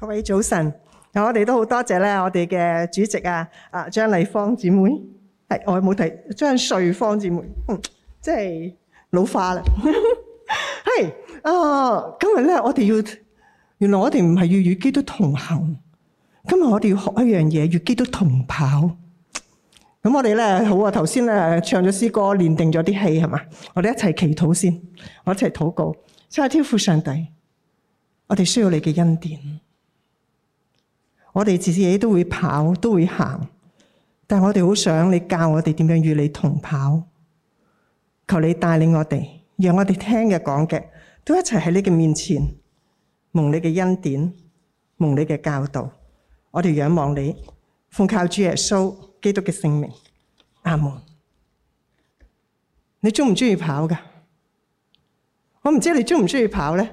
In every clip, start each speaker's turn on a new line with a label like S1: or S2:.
S1: 各位早晨，我哋都好多謝咧，我哋嘅主席啊，啊張麗芳姐妹，係我冇睇張瑞芳姐妹，即、嗯、係老化啦。係 啊、哎哦，今日咧我哋要，原來我哋唔係要與基督同行，今日我哋要學一樣嘢，與基督同跑。咁我哋咧好啊，頭先唱咗詩歌，練定咗啲氣係嘛，我哋一齊祈禱先，我一齊禱告，一齊呼求天父上帝，我哋需要你嘅恩典。我哋自己都會跑，都會行，但我哋好想你教我哋點樣與你同跑。求你帶領我哋，讓我哋聽嘅講嘅都一齊喺你嘅面前蒙你嘅恩典，蒙你嘅教導。我哋仰望你，奉靠主耶穌基督嘅聖名，阿門。你鍾唔鍾意跑㗎？我唔知道你鍾唔鍾意跑呢？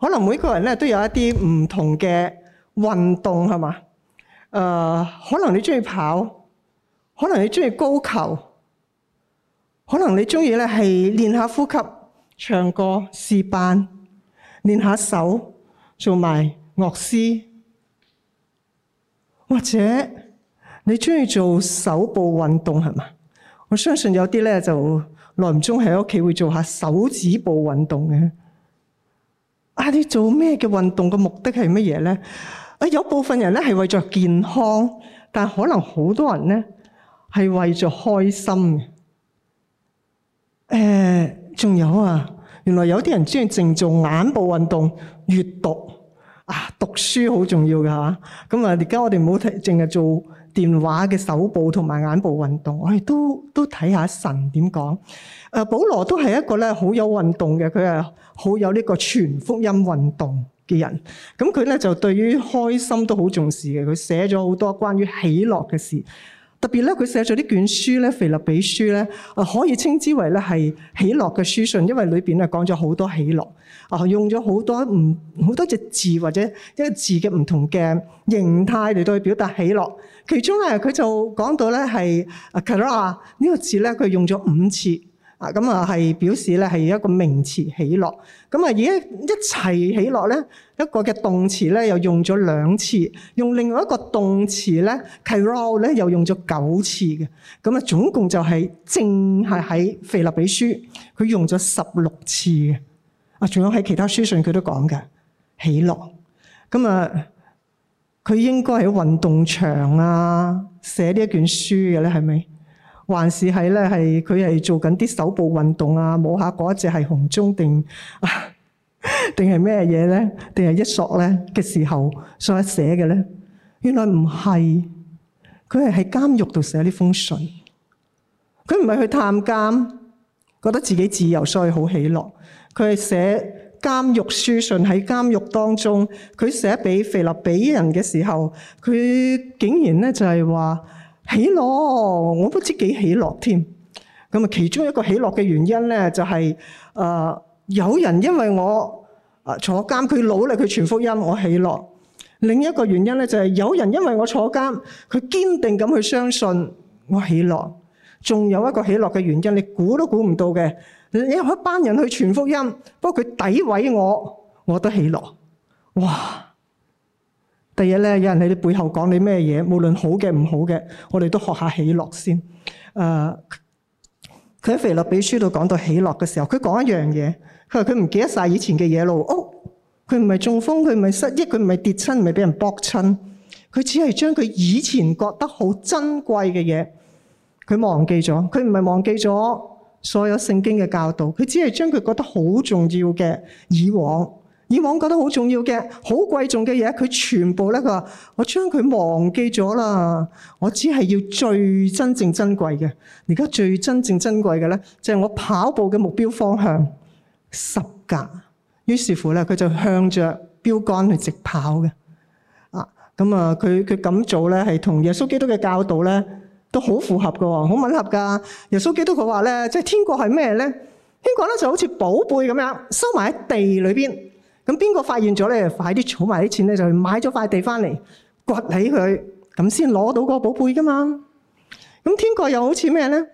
S1: 可能每個人呢，都有一啲唔同嘅。運動係嘛？呃，可能你鍾意跑，可能你鍾意高球，可能你鍾意咧係練下呼吸、唱歌、試班、練下手、做埋樂師，或者你鍾意做手部運動係嘛？我相信有啲人就耐唔中喺屋企會做下手指部運動嘅。啊！你做咩嘅運動嘅目的係乜嘢咧？啊，有部分人咧係為咗健康，但可能好多人咧係為咗開心嘅。誒，仲有啊，原來有啲人中意淨做眼部運動、閱讀啊，讀書好重要嘅嚇。咁啊，而家我哋唔好睇，淨係做電話嘅手部同埋眼部運動，我哋都都睇下神點講。誒，保羅都係一個咧好有運動嘅，佢係好有呢個全福音運動嘅人，咁佢咧就對於開心都好重視嘅。佢寫咗好多關於喜樂嘅事，特別咧佢寫咗呢卷書咧，腓立比書咧，啊可以稱之為咧係喜樂嘅書信，因為裏面咧講咗好多喜樂，啊用咗好多唔好多隻字或者一個字嘅唔同嘅形態嚟到去表達喜樂。其中咧佢就講到咧係啊 Cara 呢個字咧佢用咗五次。啊，咁啊，係表示咧係一個名詞起落，咁啊，而家一齊起，起落咧，一個嘅動詞咧又用咗兩次，用另外一個動詞咧係 roll 咧又用咗九次嘅，咁啊總共就係淨係喺腓立比書，佢用咗十六次嘅，啊，仲有喺其他書上佢都講嘅起落，咁啊，佢應該喺運動場啊寫呢一卷書嘅咧，係咪？還是係咧，係佢係做緊啲手部運動啊，摸下嗰一隻係紅鐘定定係咩嘢咧？定係一索咧嘅時候所以寫嘅咧？原來唔係，佢係喺監獄度寫呢封信，佢唔係去探監，覺得自己自由，所以好喜樂。佢係寫監獄書信，喺監獄當中，佢寫俾腓立比人嘅時候，佢竟然咧就係話。喜樂，我不知幾喜樂添。咁啊，其中一個喜樂嘅原因咧、就是，就係誒有人因為我誒坐監，佢努力去傳福音，我喜樂。另一個原因咧，就係有人因為我坐監，佢、就是、堅定咁去相信，我喜樂。仲有一個喜樂嘅原因，你估都估唔到嘅，有一班人去傳福音，不過佢詆毀我，我都喜樂哇！第二咧，有人喺你背後講你咩嘢，無論好嘅、唔好嘅，我哋都學下喜樂先。誒，佢喺腓立比書度講到喜樂嘅時候，佢講一樣嘢，佢話佢唔記得晒以前嘅嘢咯。哦，佢唔係中風，佢唔係失憶，佢唔係跌親，唔係俾人搏親，佢只係將佢以前覺得好珍貴嘅嘢，佢忘記咗。佢唔係忘記咗所有聖經嘅教導，佢只係將佢覺得好重要嘅以往。以往覺得好重要嘅、好貴重嘅嘢，佢全部呢，佢話：我將佢忘記咗啦！我只係要最真正珍貴嘅。而家最真正珍貴嘅呢，就係、是、我跑步嘅目標方向十架。於是乎呢，佢就向着標竿去直跑嘅。咁啊，佢佢咁做呢，係同耶穌基督嘅教導呢都好符合㗎喎，好吻合㗎。耶穌基督佢話呢，即係天國係咩呢？天國呢，天國就好似寶貝咁樣收埋喺地裏邊。咁邊個發現咗咧？快啲儲埋啲錢咧，就去買咗塊地翻嚟，掘起佢，咁先攞到個寶貝噶嘛。咁天國又好似咩咧？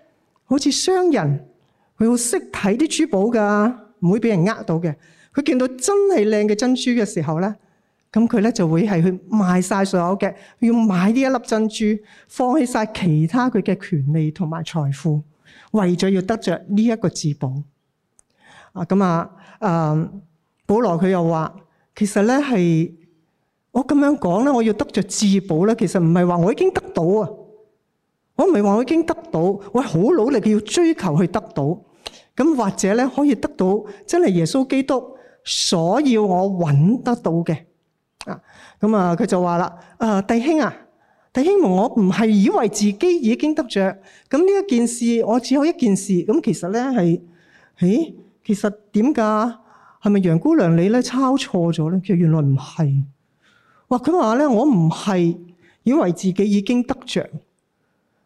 S1: 好似商人，佢好識睇啲珠寶噶，唔會俾人呃到嘅。佢見到真係靚嘅珍珠嘅時候咧，咁佢咧就會係去賣晒所有嘅，要買呢一粒珍珠，放棄晒其他佢嘅權利同埋財富，為咗要得着呢一個至寶。啊，咁啊，誒。保羅，佢又話，其實呢，係，我這樣講呢，我要得着至寶呢，其實唔係話我已經得到啊。我唔係話我已經得到，我好努力嘅要追求去得到。噉，或者呢，可以得到，真係耶穌基督，所要我揾得到嘅。噉，佢就話，啊，弟兄啊，弟兄，我唔係以為自己已經得着。噉，呢一件事，我只有一件事，噉其實呢，係，係咪楊姑娘你咧抄錯咗咧？其實原來唔係。哇！佢話咧，我唔係以為自己已經得着。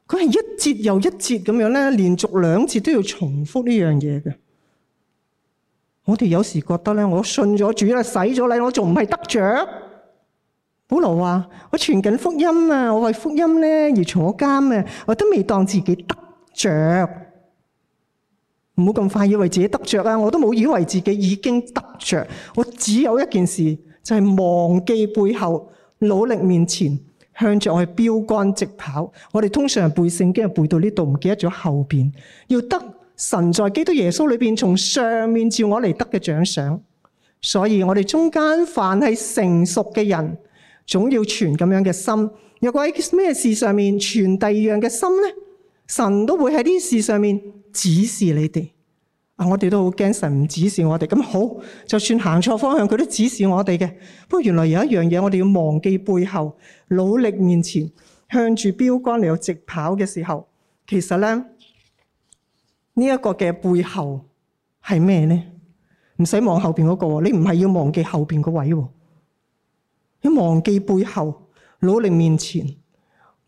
S1: 佢係一節又一節咁樣咧，連續兩節都要重複呢樣嘢嘅。我哋有時覺得咧，我信咗主啦，洗咗禮，我仲唔係得着？保羅話：我傳緊福音啊，我為福音咧而坐監啊，我都未當自己得着。唔好咁快以為自己得着啊！我都冇以為自己已經得着。我只有一件事，就係、是、忘記背後努力面前，向着我係標杆直跑。我哋通常背聖經，背到呢度唔記得咗後邊。要得神在基督耶穌裏邊從上面召我嚟得嘅獎賞，所以我哋中間凡係成熟嘅人，總要存咁樣嘅心。若果喺咩事上面存第二樣嘅心呢？神都會喺呢啲事上面，指示你哋，啊，我哋都好驚神唔指示我哋。咁好，就算行錯方向，佢都指示我哋嘅。不過原來有一樣嘢，我哋要忘記背後，努力面前，向住標杆，嚟到直跑嘅時候，其實咧呢一個嘅背後係咩咧？唔使望後邊嗰個，你唔係要忘記後邊個位，要忘記背後，努力面前。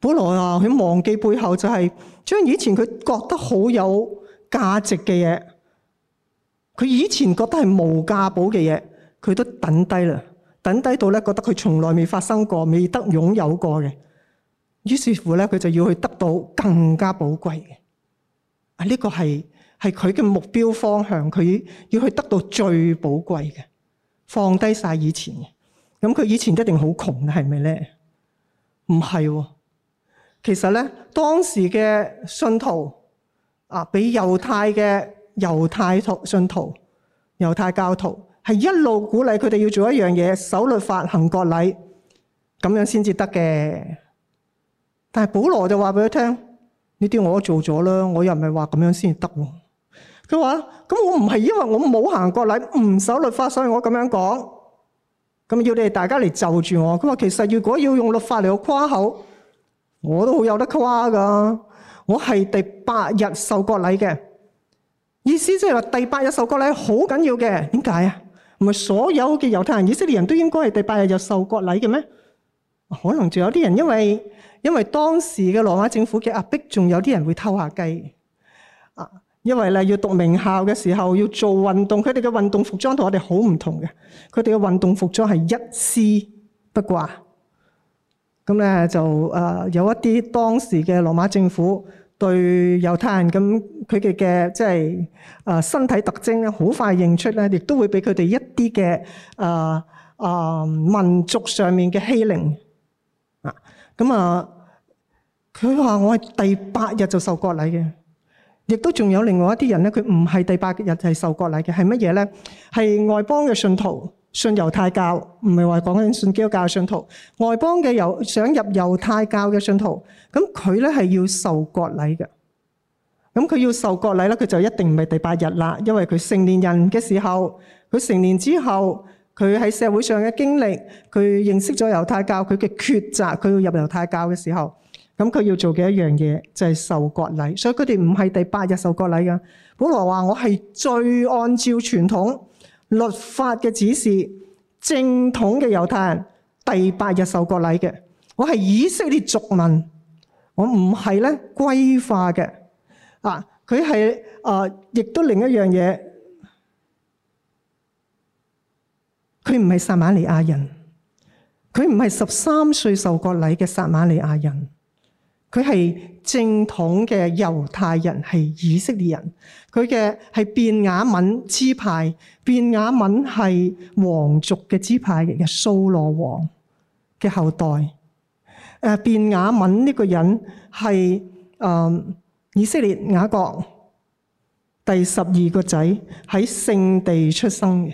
S1: 本來啊，佢忘記背後就係將以前佢覺得好有價值嘅嘢，佢以前覺得係無價寶嘅嘢，佢都抌低啦，抌低到咧，覺得佢從來未發生過，未得擁有過嘅。於是乎咧，佢就要去得到更加寶貴嘅啊！呢、這個係係佢嘅目標方向，佢要去得到最寶貴嘅，放低晒以前嘅。咁佢以前一定好窮嘅，係咪咧？唔係、啊。其實咧，當時嘅信徒啊，俾猶太嘅猶太信徒、猶太教徒係一路鼓勵佢哋要做一樣嘢，守律法、行國禮，咁樣先至得嘅。但係保羅就話俾佢聽：呢啲我都做咗啦，我又唔係話咁樣先至得。佢話：咁我唔係因為我冇行國禮、唔守律法，所以我咁樣講。咁要你哋大家嚟就住我。佢話其實如果要用律法嚟去誇口。我都好有得誇㗎，我係第八日受割禮嘅，意思即係話第八日受割禮好緊要嘅。點解啊？唔係所有嘅猶太人、以色列人都應該係第八日就受割禮嘅咩？可能仲有啲人因為因為當時嘅羅馬政府嘅壓迫，仲有啲人會偷下雞啊。因為你要讀名校嘅時候要做運動，佢哋嘅運動服裝同我哋好唔同嘅，佢哋嘅運動服裝係一絲不掛。咁咧就誒有一啲當時嘅羅馬政府對猶太人，咁佢哋嘅即係誒身體特徵咧好快認出咧，亦都會俾佢哋一啲嘅誒誒民族上面嘅欺凌啊！咁啊，佢話我係第八日就受割禮嘅，亦都仲有另外一啲人咧，佢唔係第八日係受割禮嘅，係乜嘢咧？係外邦嘅信徒。信猶太教唔係話講緊信基督教嘅信徒，外邦嘅猶想入猶太教嘅信徒，咁佢咧係要受割禮嘅。咁佢要受割禮咧，佢就一定唔係第八日啦，因為佢成年人嘅時候，佢成年之後，佢喺社會上嘅經歷，佢認識咗猶太教，佢嘅抉擇，佢要入猶太教嘅時候，咁佢要做嘅一樣嘢，就係、是、受割禮。所以佢哋唔係第八日受割禮嘅。本來話我係最按照傳統。律法嘅指示，正統嘅猶太人第八日受割禮嘅，我係以色列族民，我唔係呢歸化嘅啊！佢係啊、呃，亦都另一樣嘢，佢唔係撒瑪利亞人，佢唔係十三歲受割禮嘅撒瑪利亞人。佢係正統嘅猶太人，係以色列人。佢嘅係便雅憫支派，便雅憫係皇族嘅支派嘅嘅掃羅王嘅後代。誒，便雅憫呢個人係、嗯、以色列雅各第十二個仔喺聖地出生的。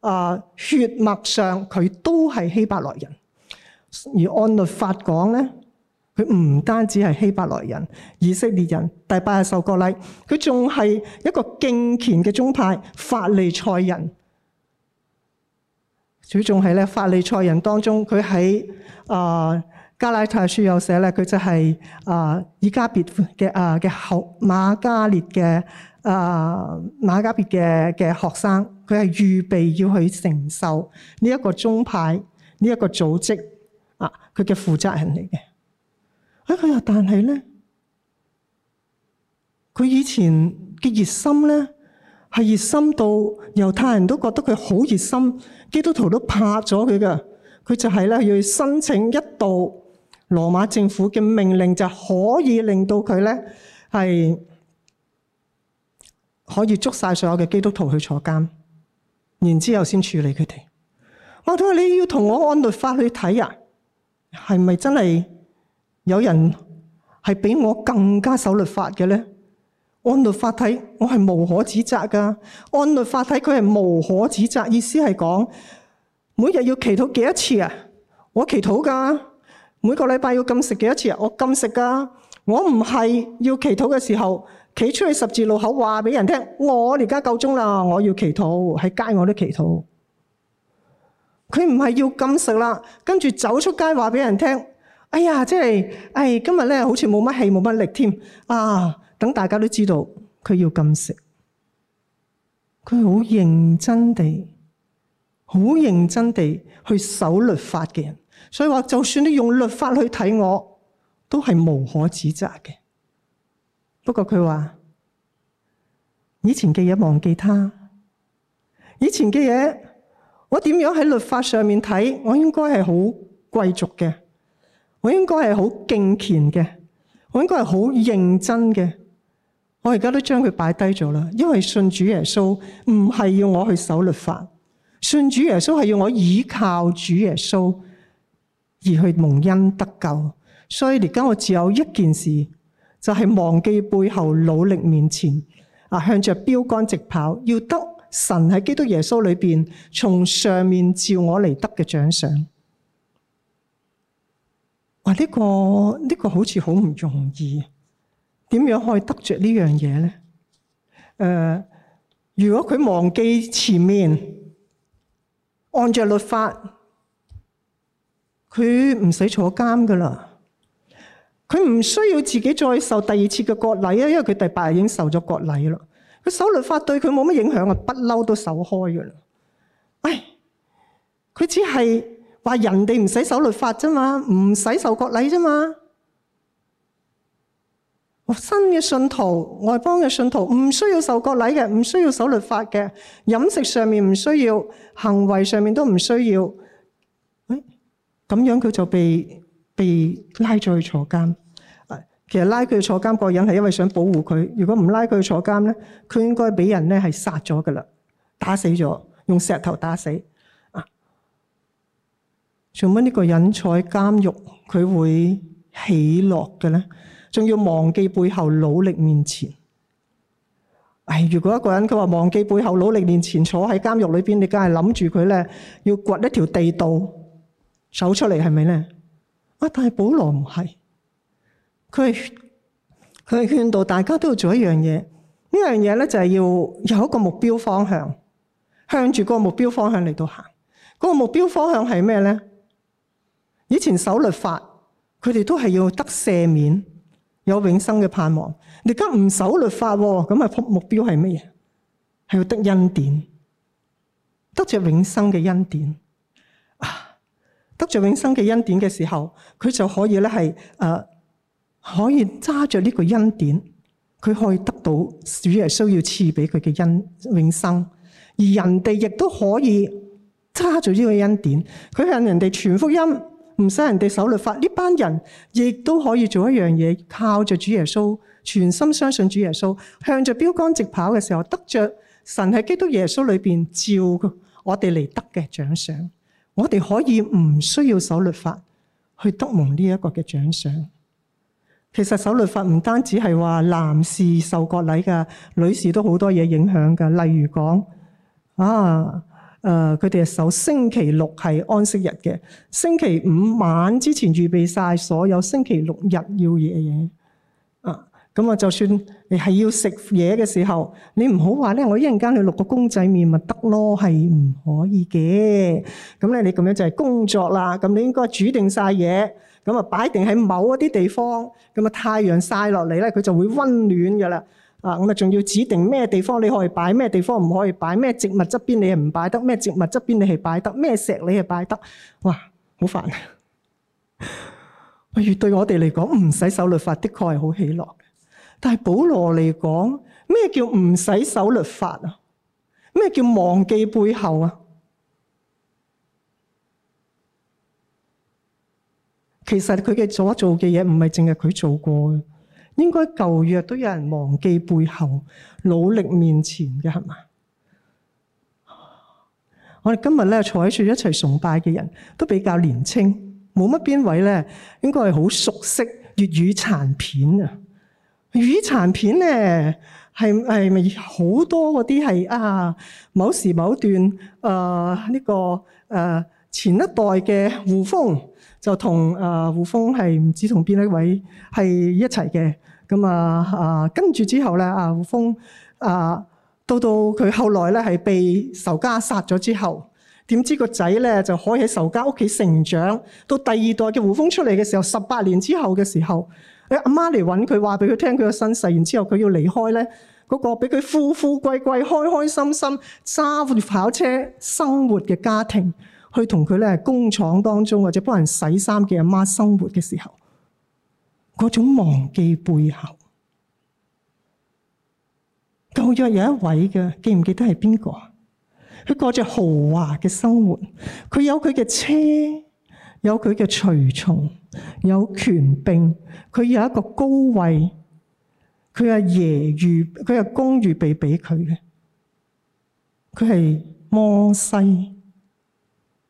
S1: 啊！血脈上佢都係希伯來人，而按律法講咧，佢唔單止係希伯來人、以色列人，第八日受割禮，佢仲係一個敬虔嘅宗派法利賽人。佢仲係咧法利賽人當中，佢喺啊。呃加拉太書有寫呢佢就係、是、啊、呃、以加別嘅啊嘅後馬加列嘅啊、呃、馬加別嘅嘅學生，佢係預備要去承受呢一個宗派呢一、呢個組織啊，佢嘅負責人嚟嘅。哎佢又但係呢，佢以前嘅熱心呢，係熱心到猶太人都覺得佢好熱心，基督徒都怕咗佢㗎。佢就係呢，要申請一度。羅馬政府嘅命令，就可以令到佢咧係可以捉晒所有嘅基督徒去坐監，然之後先處理佢哋。我、啊、同你要同我按律法去睇啊，係咪真係有人係比我更加守律法嘅咧？按律法睇，我係無可指責噶。按律法睇，佢係無可指責。意思係講，每日要祈禱幾多次啊？我祈禱噶。每個禮拜要禁食幾多次啊？我禁食㗎，我唔係要祈禱嘅時候，企出去十字路口話畀人聽，我而家夠鐘啦，我要祈禱。喺街我都祈禱。佢唔係要禁食啦，跟住走出街話畀人聽，哎呀，即係，哎，今日咧好似冇乜氣冇乜力添啊！等大家都知道佢要禁食，佢好認真地，好認真地去守律法嘅人。所以話，就算你用律法去睇我，都係無可指責嘅。不過佢話，以前嘅嘢忘記他，以前嘅嘢，我點樣喺律法上面睇，我應該係好貴族嘅，我應該係好敬虔嘅，我應該係好認真嘅。我而家都將佢擺低咗啦，因為信主耶穌唔係要我去守律法，信主耶穌係要我倚靠主耶穌。而去蒙恩得救，所以而家我只有一件事，就係忘記背後，努力面前，啊，向着標杆直跑，要得神喺基督耶穌裏邊，從上面召我嚟得嘅獎賞。哇！呢個呢個好似好唔容易，點樣可以得着呢樣嘢咧？誒，如果佢忘記前面，按着律法。佢唔使坐監噶啦，佢唔需要自己再受第二次嘅割禮啊，因為佢第八日已經受咗割禮啦。佢守律法對佢冇乜影響啊，不嬲都守開噶啦。唉，佢只係話人哋唔使守律法啫嘛，唔使受割禮啫嘛。新嘅信徒、外邦嘅信徒唔需要受割禮嘅，唔需要守律法嘅，飲食上面唔需要，行為上面都唔需要。咁樣佢就被被拉咗去坐監，其實拉佢坐監個人係因為想保護佢。如果唔拉佢坐監呢，佢應該俾人呢係殺咗㗎喇，打死咗，用石頭打死。做乜呢個人坐喺監獄佢會喜樂㗎呢？仲要忘記背後努力面前？哎，如果一個人佢話，忘記背後努力面前，坐喺監獄裏邊，你梗係諗住佢呢，要掘一條地道。走出嚟係咪咧？啊，但係保羅唔係，佢佢係勸導大家都要做一樣嘢。呢樣嘢咧就係要有一個目標方向，向住個目標方向嚟到行。嗰個目標方向係咩咧？以前守律法，佢哋都係要得赦免，有永生嘅盼望。你而家唔守律法，咁啊目標係乜嘢？係要得恩典，得着永生嘅恩典。得着永生嘅恩典嘅時候，佢就可以咧，係誒，可以揸着呢個恩典，佢可以得到主耶穌要賜俾佢嘅恩永生。而人哋亦都可以揸住呢個恩典，佢向人哋傳福音，唔使人哋守律法。呢班人亦都可以做一樣嘢，靠着主耶穌，全心相信主耶穌，向着標杆直跑嘅時候，得着神喺基督耶穌裏邊召我哋嚟得嘅獎賞。我哋可以唔需要守律法去得蒙呢一個嘅獎賞。其實守律法唔單止係話男士受割禮噶，女士都好多嘢影響噶。例如講啊，誒、呃，佢哋係守星期六係安息日嘅，星期五晚之前預備晒所有星期六日要嘢嘢。咁啊，就算你係要食嘢嘅時候，你唔好話咧，我一陣間去淥個公仔麵咪得咯，係唔可以嘅。咁咧，你咁樣就係工作啦。咁你應該煮定曬嘢，咁啊擺定喺某一啲地方。咁啊，太陽曬落嚟咧，佢就會溫暖噶啦。啊，我咪仲要指定咩地方你可以擺，咩地方唔可以擺，咩植物側邊你係唔擺得，咩植物側邊你係擺得，咩石你係擺得。哇，好煩啊！對於我哋嚟講，唔使守律法的確係好喜樂。但係保羅嚟講，咩叫唔使守律法？咩叫忘記背後？其實佢嘅所做嘅嘢唔係淨係佢做過的，應該舊約都有人忘記背後、努力面前㗎。係嘛？我哋今日呢，坐喺住一齊崇拜嘅人都比較年輕，冇乜邊位呢應該係好熟悉粵語殘片啊？語殘片咧，係係咪好多嗰啲係，啊某時某段啊呢、呢個誒、啊、前一代嘅胡風就同啊胡風，係唔知同邊一位係一齊嘅，咁啊啊跟住之後咧啊胡風啊，到到佢後來咧係被仇家殺咗之後，點知個仔咧就可以喺仇家屋企成長，到第二代嘅胡風出嚟嘅時候，十八年之後嘅時候。誒，阿媽嚟揾佢，話俾佢聽佢嘅身世，然之後佢要離開呢嗰，那個俾佢富富貴貴、開開心心揸住跑車生活嘅家庭，去同佢咧工廠當中或者幫人洗衫嘅阿媽生活嘅時候，嗰種忘記背後，舊約有，有一位嘅，記唔記得係邊個啊？佢過着豪華嘅生活，佢有佢嘅車。有佢嘅隨從，有權柄，佢有一個高位，佢阿爺預佢阿公預備俾佢嘅。佢係摩西，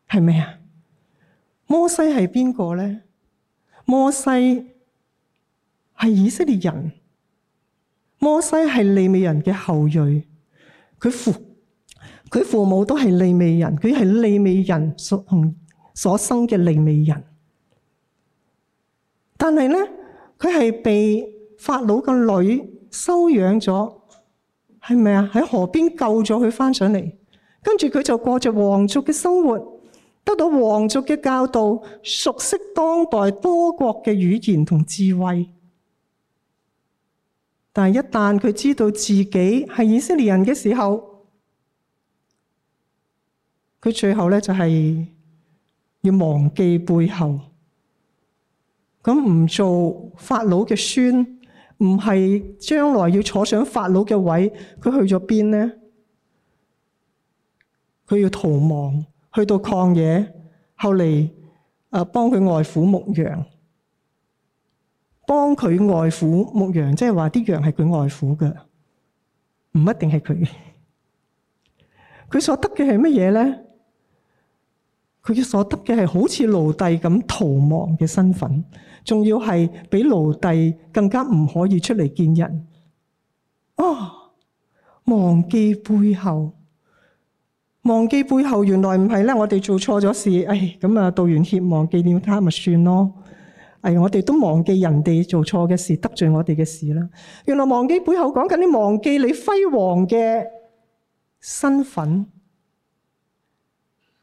S1: 係咩啊？摩西係邊個咧？摩西係以色列人，摩西係利未人嘅後裔，佢父佢父母都係利未人，佢係利未人屬。所生嘅利未人，但係咧，佢係被法老個女收養咗，係咪啊？喺河邊救咗佢翻上嚟，跟住佢就過着皇族嘅生活，得到皇族嘅教導，熟悉當代多國嘅語言同智慧。但係一旦佢知道自己係以色列人嘅時候，佢最後咧就係、是。要忘記背後，咁唔做法老嘅孫，唔係將來要坐上法老嘅位，佢去咗邊呢？佢要逃亡，去到曠野，後嚟啊幫佢外父牧羊，幫佢外父牧羊，即係話啲羊係佢外父嘅，唔一定係佢嘅。佢所得嘅係乜嘢呢？佢嘅所得嘅係好似奴隸咁逃亡嘅身份，仲要係比奴隸更加唔可以出嚟見人。哦，忘記背後，忘記背後，原來唔係咧，我哋做錯咗事，哎，咁啊，道完歉，忘記了佢咪算咯。哎，我哋都忘記人哋做錯嘅事，得罪我哋嘅事啦。原來忘記背後講緊啲忘記你輝煌嘅身份。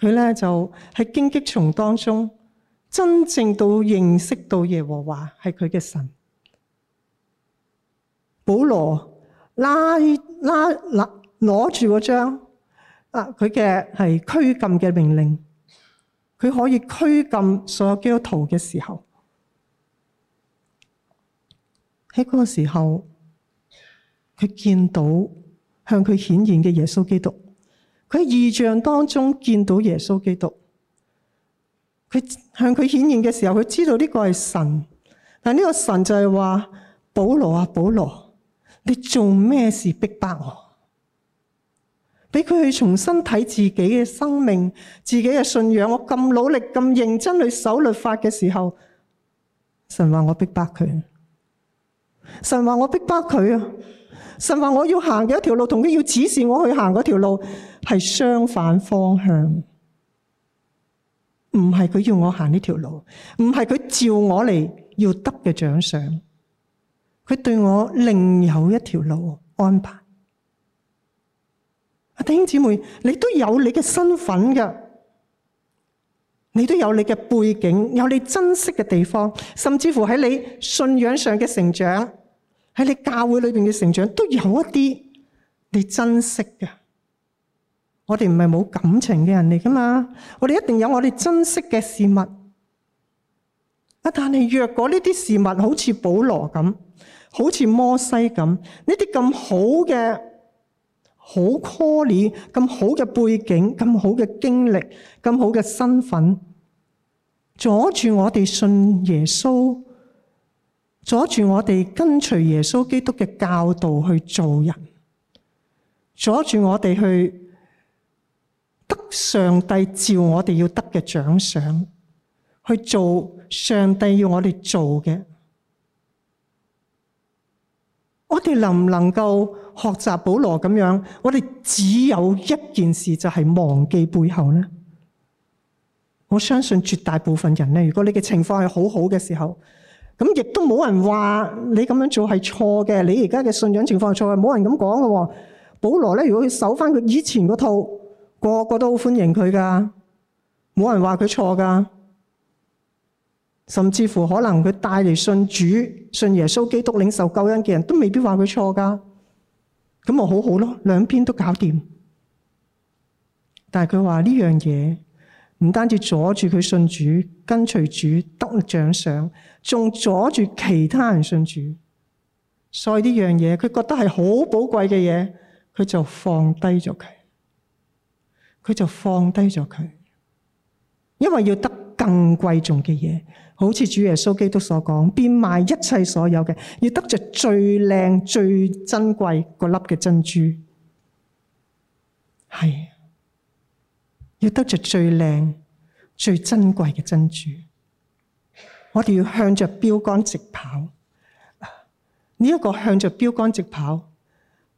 S1: 佢呢就喺荊棘叢當中，真正到認識到耶和華係佢嘅神。保羅拉，拉，拉拿攞住嗰張啊，佢嘅係拘禁嘅命令，佢可以拘禁所有基督徒嘅時候，喺嗰個時候，佢見到向佢顯現嘅耶穌基督。佢喺異象當中見到耶穌基督，佢向佢顯現嘅時候，佢知道呢個係神，但呢個神就係話保羅啊，保羅，你做咩事逼迫我？俾佢去重新睇自己嘅生命、自己嘅信仰。我咁努力、咁認真去守律法嘅時候，神話我逼迫佢，神話我逼迫佢啊！神話我要行嘅一條路，同佢要指示我去行嗰條路係相反方向，唔係佢要我行呢條路，唔係佢召我嚟要得嘅獎賞，佢對我另有一條路安排。弟兄姊妹，你都有你嘅身份㗎，你都有你嘅背景，有你珍惜嘅地方，甚至乎喺你信仰上嘅成長。喺你教會裏邊嘅成長都有一啲你珍惜嘅，我哋唔係冇感情嘅人嚟噶嘛？我哋一定有我哋珍惜嘅事物。啊，但係若果呢啲事物好似保羅咁，好似摩西咁，呢啲咁好嘅、好 call 你、咁好嘅背景、咁好嘅經歷、咁好嘅身份，阻住我哋信耶穌。阻住我哋跟隨耶穌基督嘅教導去做人，阻住我哋去得上帝照我哋要得嘅獎賞，去做上帝要我哋做嘅。我哋能唔能夠學習保羅咁樣？我哋只有一件事就係忘記背後呢。我相信絕大部分人呢，如果你嘅情況係好好嘅時候。咁亦都冇人話你咁樣做係錯嘅，你而家嘅信仰情況係錯，冇人咁講㗎喎。保羅呢，如果佢守返佢以前嗰套，個個都好歡迎佢㗎。冇人話佢錯㗎，甚至乎可能佢帶嚟信主、信耶穌基督、領受救恩嘅人都未必話佢錯㗎。咁咪好好囉，兩邊都搞掂。但係佢話呢樣嘢。唔單止阻住佢信主、跟隨主得上、得獎賞，仲阻住其他人信主。所以呢樣嘢，佢覺得係好寶貴嘅嘢，佢就放低咗佢，佢就放低咗佢，因為要得更貴重嘅嘢。好似主耶穌基督所講，變賣一切所有嘅，要得着最靚、最珍貴嗰粒嘅珍珠，係。要得着最靚、最珍貴嘅珍珠，我哋要向着標竿直跑。呢、這個向着標竿直跑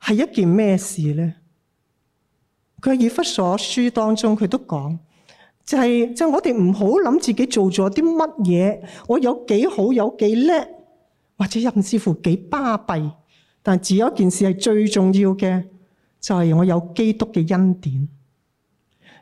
S1: 係一件咩事呢？佢《以弗所書》當中佢都講，就係、是、就是、我哋唔好諗自己做咗啲乜嘢，我有幾好有幾叻，或者甚至乎幾巴閉。但只有一件事係最重要嘅，就係、是、我有基督嘅恩典。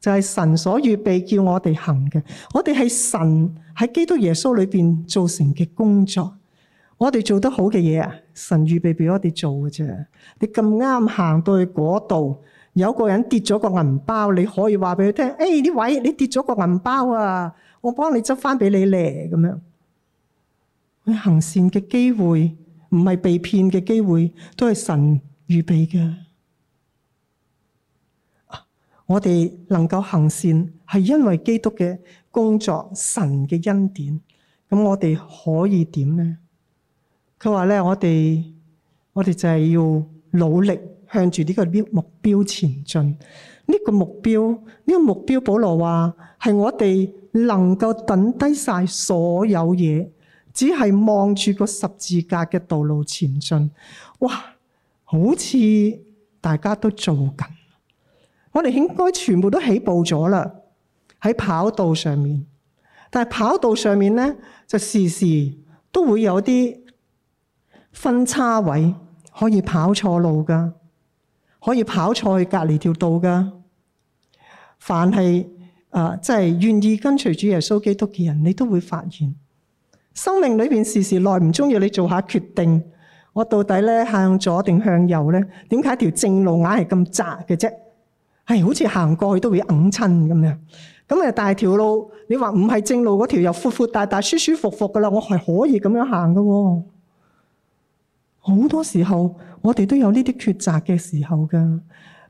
S1: 就是神所預備叫我們行的，我們是神在基督耶穌裏面做成的工作。我們做得好的東西啊，神預備給我們做的啫。你咁啱行到那裏，有個人跌了個銀包，你可以話俾他聽：誒、哎，呢位你跌了個銀包啊，我幫你執翻俾你咧。咁樣，佢行善的機會，不是被騙的機會，都是神預備的。我哋能夠行善，係因為基督嘅工作、神嘅恩典。咁我哋可以點呢？佢話咧，我哋我哋就係要努力向住呢個目標前進。呢個目標，呢個目標，保羅話係我哋能夠等低晒所有嘢，只係望住個十字架嘅道路前進。哇，好似大家都做緊。我哋應該全部都起步咗啦，喺跑道上面。但係跑道上面咧，就時時都會有啲分叉位，可以跑錯路噶，可以跑錯去隔離條道噶。凡係啊，即係願意跟隨主耶穌基督嘅人，你都會發現生命裏面時時耐唔中意你做下決定。我到底咧，向左定向右咧？點解條正路硬係咁窄嘅啫？係、哎、好似行過去都會隱親咁樣，咁啊！但係條路你話唔係正路嗰條又闊闊大大舒舒服服噶啦，我係可以咁樣行喎、哦。好多時候我哋都有呢啲抉擇嘅時候噶，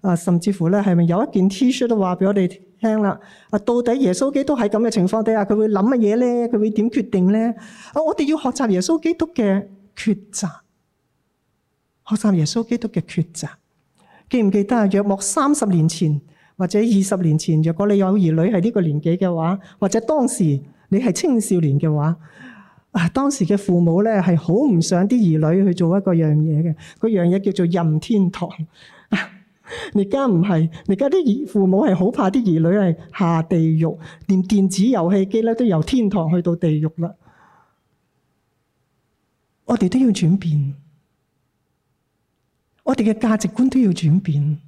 S1: 啊，甚至乎咧係咪有一件 T 恤都話俾我哋聽啦？啊，到底耶穌基督喺咁嘅情況底下，佢會諗乜嘢咧？佢會點決定咧？啊，我哋要學習耶穌基督嘅抉擇，學習耶穌基督嘅抉擇。記唔記得啊？約莫三十年前或者二十年前，如果你有兒女係呢個年紀嘅話，或者當時你係青少年嘅話，啊，當時嘅父母呢係好唔想啲兒女去做一個樣嘢嘅，嗰樣嘢叫做任天堂。而家唔係，而家啲父母係好怕啲兒女係下地獄，連電子遊戲機呢都由天堂去到地獄啦。我哋都要轉變。我哋嘅價值觀都要轉變，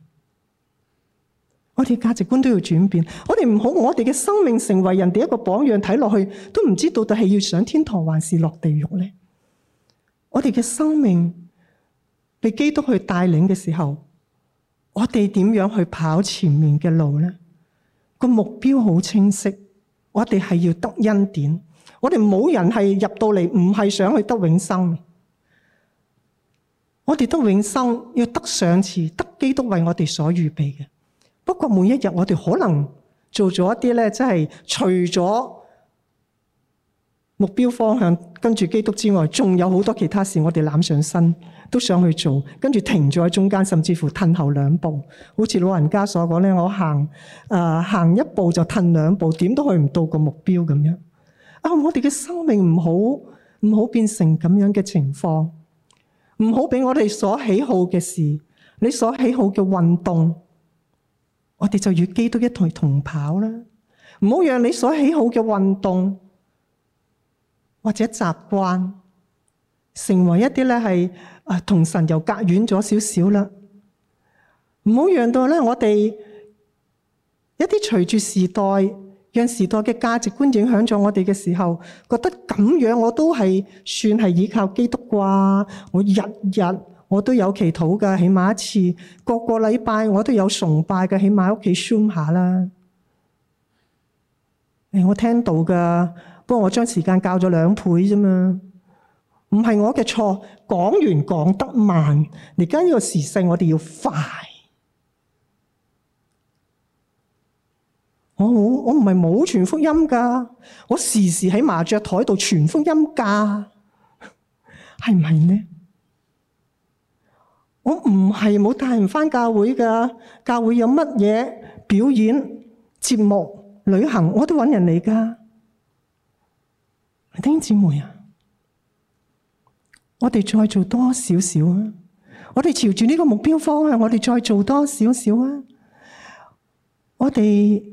S1: 我哋嘅價值觀都要轉變。我哋唔好，我哋嘅生命成為人哋一個榜樣，睇落去都唔知到底係要上天堂還是落地獄咧。我哋嘅生命被基督去帶領嘅時候，我哋點樣去跑前面嘅路咧？個目標好清晰，我哋係要得恩典。我哋冇人係入到嚟唔係想去得永生。我哋都永生要得上慈，得基督為我哋所預備嘅。不過每一日我哋可能做咗一啲咧，即係除咗目標方向跟住基督之外，仲有好多其他事我哋攬上身都想去做，跟住停咗喺中間，甚至乎褪後兩步。好似老人家所講咧，我行誒行一步就褪兩步，點都去唔到個目標咁樣。啊，我哋嘅生命唔好唔好變成咁樣嘅情況。唔好俾我哋所喜好嘅事，你所喜好嘅運動，我哋就與基督一同同跑啦。唔好讓你所喜好嘅運動或者習慣，成為一啲咧係同神又隔遠咗少少啦。唔好讓到咧我哋一啲隨住時代。讓時代嘅價值觀影響咗我哋嘅時候，覺得噉樣我都係算係依靠基督啩？我日日我都有祈禱㗎，起碼一次，個個禮拜我都有崇拜㗎，起碼喺屋企 zoom 下、哎、我聽到㗎，不過我將時間校咗兩倍啫嘛，唔係我嘅錯。講完講得慢，而家呢個時勢我哋要快。我我唔係冇傳福音噶，我時時喺麻雀台度傳福音噶，係唔係呢？我唔係冇帶唔翻教會噶，教會有乜嘢表演節目、旅行，我都揾人嚟噶。弟兄姊妹啊，我哋再做多少少啊！我哋朝住呢個目標方向，我哋再做多少少啊！我哋。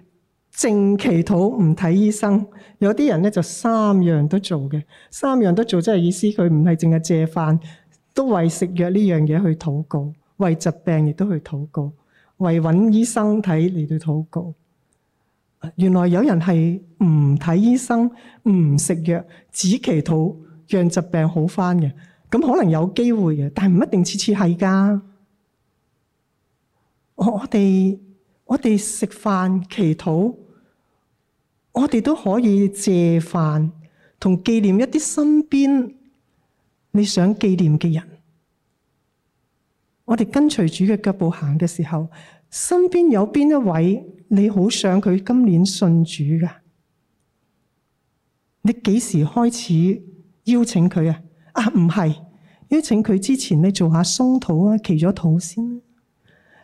S1: 淨祈禱唔睇醫生，有啲人咧就三樣都做嘅，三樣都做即係意思佢唔係淨係借飯，都為食藥呢樣嘢去禱告，為疾病亦都去禱告，為揾醫生睇嚟到禱告。原來有人係唔睇醫生、唔食藥，只祈禱讓疾病好翻嘅，咁可能有機會嘅，但係唔一定次次係噶。我我哋我哋食飯祈禱。我哋都可以借飯同紀念一啲身邊你想紀念嘅人。我哋跟隨主嘅腳步行嘅時候，身邊有邊一位你好想佢今年信主㗎？你幾時開始邀請佢啊？啊，唔係邀請佢之前，你做下鬆土啊，祈咗禱先，啊。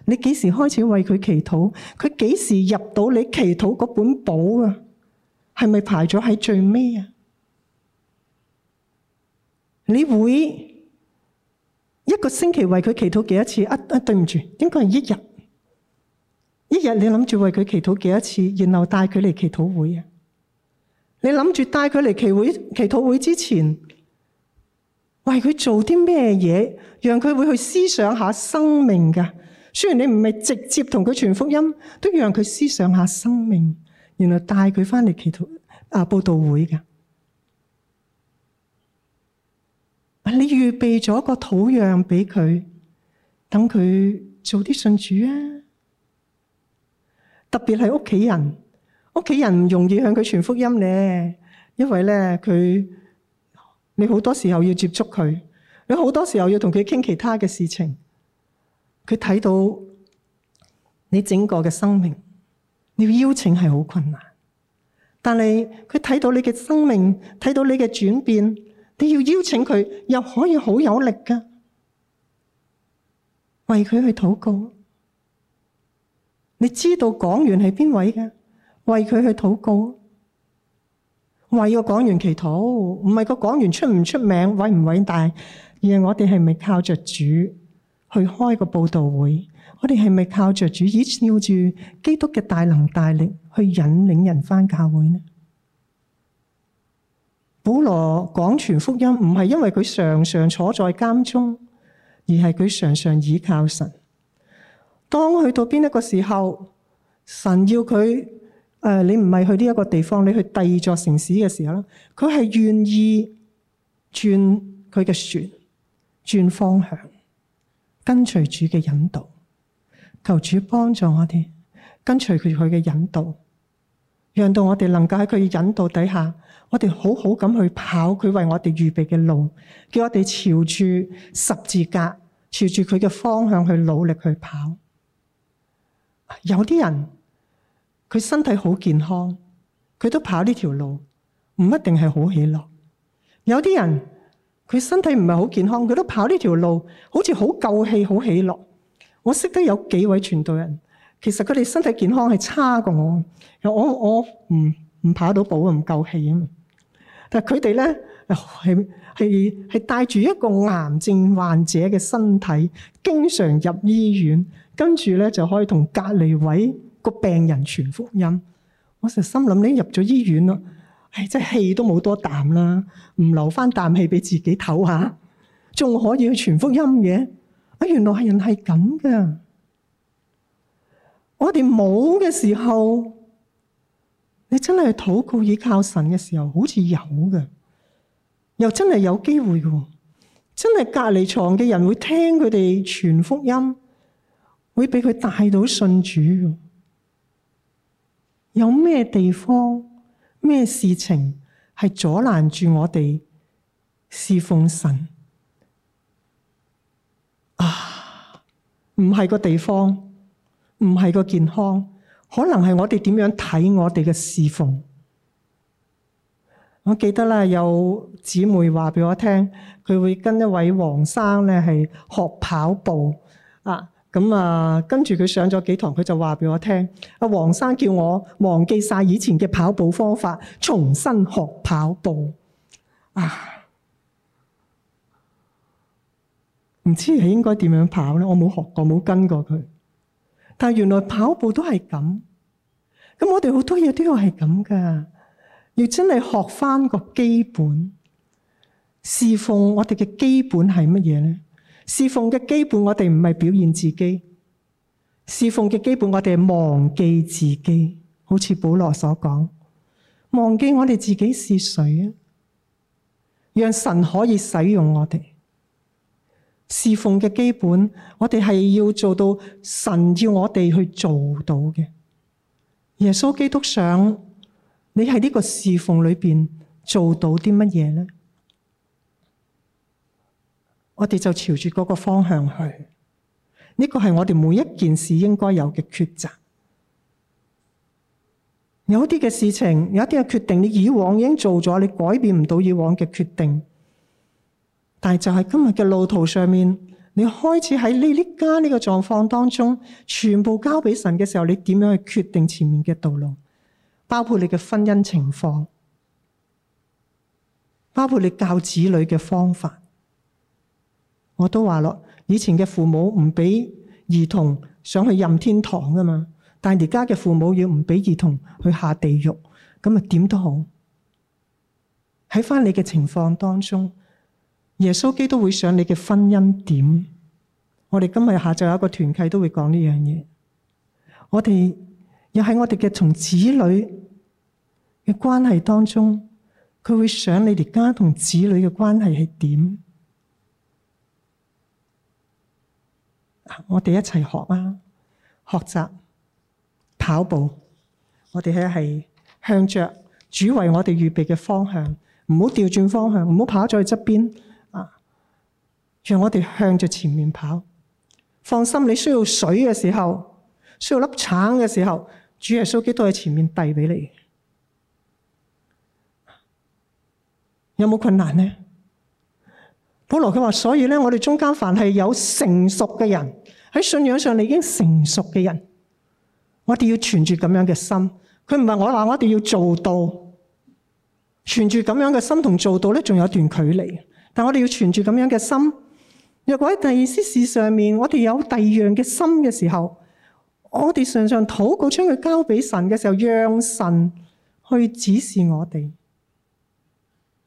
S1: 你幾時開始為佢祈禱？佢幾時入到你祈禱嗰本簿啊？係咪排咗喺最尾啊？你會一個星期為佢祈禱幾多次？一、啊、對唔住，應該係一日？一日你諗住為佢祈禱幾多次？然後帶佢嚟祈禱會啊？你諗住帶佢嚟祈會祈禱會之前，為佢做啲咩嘢，讓佢會去思想下生命㗎？雖然你唔係直接同佢傳福音，都讓佢思想下生命。然後帶佢返嚟祈禱啊，佈道會嘅。你預備咗個土壤俾佢，等佢做啲信主啊。特別係屋企人，屋企人唔容易向佢傳福音咧，因為咧佢你好多時候要接觸佢，你好多時候要同佢傾其他嘅事情，佢睇到你整個嘅生命。你要邀請係好困難，但係佢睇到你嘅生命，睇到你嘅轉變，你要邀請佢又可以好有力㗎，為佢去禱告。你知道講員係邊位嘅？為佢去禱告，為個講員祈禱。唔係個講員出唔出名，偉唔偉大，而係我哋係咪靠着主去開個佈道會？我哋係咪靠着主，依靠住基督嘅大能大力去引領人返教會呢？保羅廣傳福音唔係因為佢常常坐在監中，而係佢常常倚靠神。當去到邊一個時候，神要佢誒、呃，你唔係去呢一個地方，你去第二座城市嘅時候，佢係願意轉佢嘅船，轉方向，跟隨主嘅引導。求主幫助我哋跟隨住佢嘅引導，讓到我哋能夠喺佢引導底下，我哋好好咁去跑佢為我哋預備嘅路，叫我哋朝住十字架，朝住佢嘅方向去努力去跑。有啲人佢身體好健康，佢都跑呢條路，唔一定係好喜樂。有啲人佢身體唔係好健康，佢都跑呢條路，好似好夠氣，好喜樂。我識得有幾位傳道人，其實佢哋身體健康係差過我，我我唔唔跑得到步，唔夠氣啊，但係佢哋咧係係係帶住一個癌症患者嘅身體，經常入醫院，跟住咧就可以同隔離位個病人傳福音。我成日心諗，你入咗醫院啦，唉、哎，真係氣都冇多啖啦，唔留翻啖氣俾自己唞下，仲可以去傳福音嘅？啊！原來係人係咁噶。我哋冇嘅時候，你真係禱告依靠神嘅時候，好似有嘅，又真係有機會嘅。真係隔離床嘅人會聽佢哋傳福音，會俾佢帶到信主。有咩地方、咩事情係阻攔住我哋侍奉神？唔係個地方，唔係個健康，可能係我哋點樣睇我哋嘅侍奉。我記得啦，有姊妹話俾我聽，佢會跟一位黃生咧係學跑步啊。咁啊，跟住佢上咗幾堂，佢就話俾我聽，阿黃生叫我忘記晒以前嘅跑步方法，重新學跑步啊。唔知係應該點樣跑呢？我冇學過，冇跟過佢。但原來跑步都係咁。咁我哋好多嘢都要係咁噶。要真係學翻個基本，侍奉我哋嘅基本係乜嘢呢？侍奉嘅基本，我哋唔係表現自己。侍奉嘅基本，我哋係忘記自己，好似保羅所講，忘記我哋自己是誰啊！讓神可以使用我哋。侍奉嘅基本，我哋係要做到神要我哋去做到嘅。耶穌基督想你喺呢個侍奉裏邊做到啲乜嘢呢？我哋就朝住嗰個方向去。呢、這個係我哋每一件事應該有嘅抉擇。有啲嘅事情，有一啲嘅決定，你以往已經做咗，你改變唔到以往嘅決定。但就係今日嘅路途上面，你開始喺你呢家呢個狀況當中，全部交俾神嘅時候，你點樣去決定前面嘅道路？包括你嘅婚姻情況，包括你教子女嘅方法，我都話咯，以前嘅父母唔俾兒童上去任天堂噶嘛，但係而家嘅父母要唔俾兒童去下地獄，咁啊點都好？喺翻你嘅情況當中。耶穌基督會想你嘅婚姻點？我哋今日下晝有一個團契都會講呢樣嘢。我哋又喺我哋嘅同子女嘅關係當中，佢會想你哋家同子女嘅關係係點？我哋一齊學啊，學習跑步。我哋係係向着主為我哋預備嘅方向，唔好調轉方向，唔好跑咗去側邊。讓我哋向着前面跑。放心，你需要水嘅時候，需要粒橙嘅時候，主耶穌基督喺前面遞俾你。有冇困難呢？保羅佢話：「所以咧，我哋中間凡係有成熟嘅人，喺信仰上你已經成熟嘅人，我哋要存住咁樣嘅心。佢唔係我話我哋要做到，存住咁樣嘅心同做到呢仲有一段距離。但我哋要存住咁樣嘅心。若果喺第二些事上面，我哋有第二樣嘅心嘅時候，我哋常常禱告將佢交俾神嘅時候，讓神去指示我哋。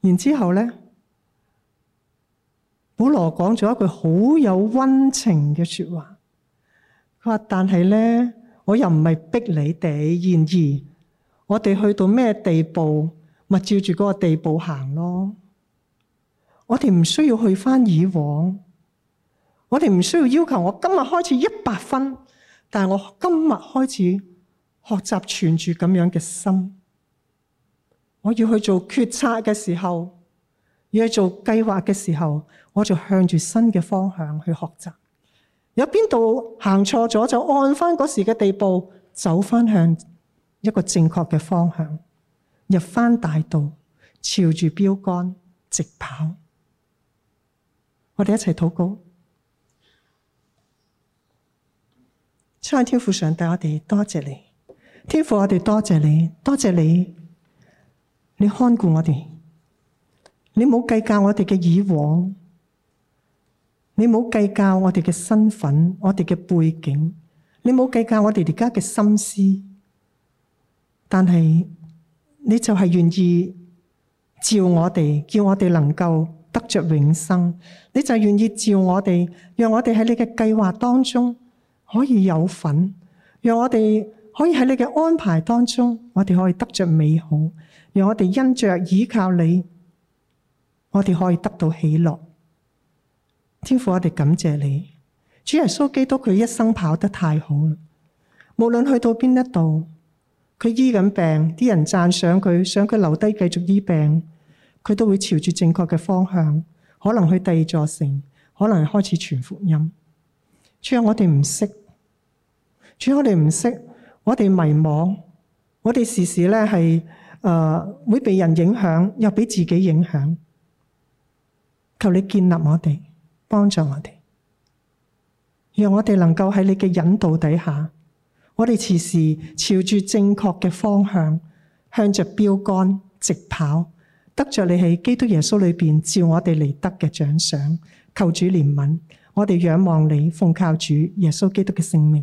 S1: 然之後咧，保羅講咗一句好有温情嘅說話。佢話：但係咧，我又唔係逼你哋，然而我哋去到咩地步，咪照住嗰個地步行咯。我哋唔需要去返以往。我哋唔需要要求我今日開始一百分，但係我今日開始學習存住咁樣嘅心。我要去做決策嘅時候，要去做計劃嘅時候，我就向住新嘅方向去學習。有邊度行錯咗，就按翻嗰時嘅地步，走翻向一個正確嘅方向，入翻大道，朝住標杆直跑。我哋一齊禱告。差天父上帝我，我哋多謝你，天父我哋多謝你，多謝你，你看顧我哋，你冇計較我哋嘅以往，你冇計較我哋嘅身份、我哋嘅背景，你冇計較我哋而家嘅心思，但係你就係願意照我哋，叫我哋能夠得着永生，你就係願意照我哋，讓我哋喺你嘅計劃當中。可以有份，讓我哋可以喺你嘅安排當中，我哋可以得着美好，讓我哋因着倚靠你，我哋可以得到喜樂。天父，我哋感謝你，主耶穌基督佢一生跑得太好啦！無論去到邊一度，佢醫緊病，啲人讚賞佢，想佢留低繼續醫病，佢都會朝住正確嘅方向，可能去第二座城，可能開始傳福音。雖然我哋唔識。主，我哋唔識，我哋迷惘，我哋時時咧係誒會被人影響，又俾自己影響。求你建立我哋，幫助我哋，讓我哋能夠喺你嘅引導底下，我哋時時朝住正確嘅方向，向着標杆直跑，得着你喺基督耶穌裏邊召我哋嚟得嘅獎賞。求主憐憫我哋，仰望你，奉靠主耶穌基督嘅聖命。